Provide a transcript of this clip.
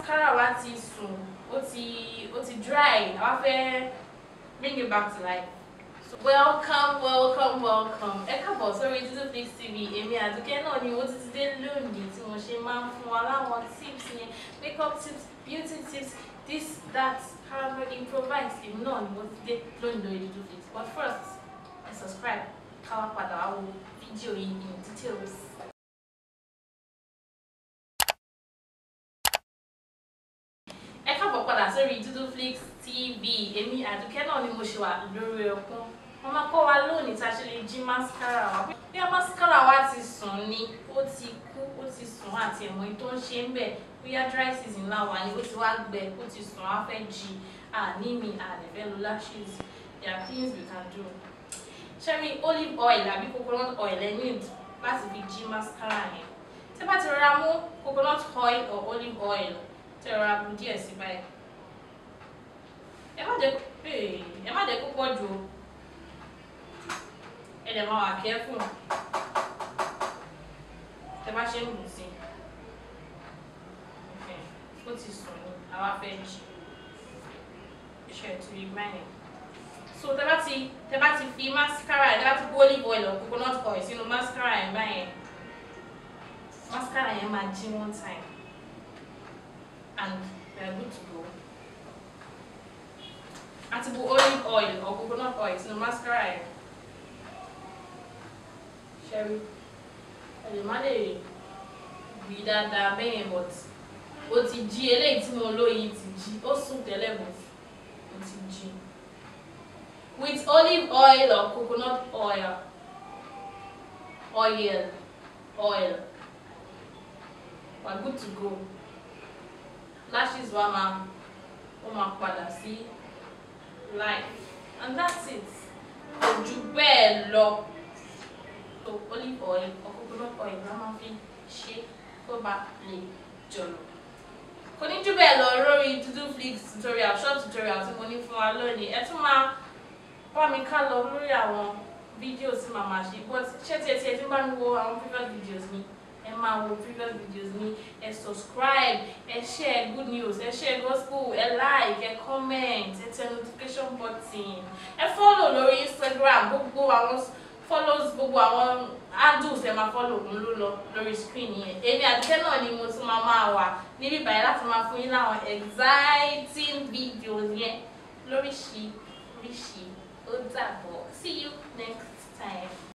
mascara wa ti sùn ó ti ó ti dry àwa fẹ́ bring it back to life. So, welcome welcome welcome ẹ káàbọ̀ sórí fix TV èmi àdúkẹ́ náà ni mo ti ti dé lónìí tí mo ṣe máa ń fún wa láwọn tips yẹn makeup tips beauty tips this that however improvise if not. ni mo ti dé lónìí lórí Tutupeaks but first ẹ subscribe ká wá padà wá fídíò yìí in details. sórí Dudu Flix TV èmi àdùkẹ́ náà ni mo ṣe wà lórí ẹkún wọ́n máa kọ́ wa lónìí tá a ṣe lè jí mascara wa bí a mascara wa ti sùn ni ó ti kú ó ti sùn àti ẹ̀mọ́ tó ń ṣe ń bẹ̀ bóyá dry season la wà ni ó ti wá gbẹ ó ti sùn á fẹ́ jí àní mi àdẹ̀fẹ́ lo lashes there are things we can do ṣẹ́mi olive oil àbí coconut oil ẹ need láti fi jí mascara yẹn tẹ́ bá ti rọra mú coconut oil or olive oil tẹ́ rọra bu díẹ̀ sí báyìí ẹ má jẹ́ ẹ má jẹ́ kó pọ̀ jù o ẹ dẹ̀ máa wà kẹ́ fún un tẹ bá ṣe ń gùn sí ó ti sùn so tẹ bá ti tẹ mascara tẹ bá olive oil coconut oil sínú mascara yẹn báyẹn mascara yẹn máa jí one time and we are good to go compatible olive oil or coconut oil sínú mascara yẹn ṣẹ́rí ẹ̀lẹ́ má lè rí dáadáa bẹ́ẹ̀ yẹn but ó ti jí eléyìí tí mo lò yìí ti jí ó sùn tẹ́lẹ̀ mọ́ with olive oil or coconut oil oil oil we're good to go lashes wa Oh my máa see life and that's it kò jù bẹ́ẹ̀ lọ so olive oil or coconut oil la máa fi ṣe kó bá lè jọ̀lọ̀ kò ní jù bẹ́ẹ̀ lọ lórí dúdú flix tutorial short tutorial tí mo ní fún wa lónìí ẹ tún máa bá mi ká lọ lórí àwọn fídíò tí màmá ṣe but ṣé tiẹ̀ tiẹ̀ tí bá mi wo àwọn previous videos mi ẹ máa wo previous videos mi ẹ subscribe ẹ share good news ẹ share gospel ẹ like ẹ comment ẹ tẹ notification button ẹ follow lórí instagram gbogbo àwọn follows gbogbo àwọn handles ẹ máa follow òun ló lọ lórí screen yẹn èmi àdìkẹ́ náà ni mo tún máa máa wà níbí báyìí láti máa fún yín láwọn exciting videos yẹn lóríṣiríṣi ó dàbọ̀ see you next time.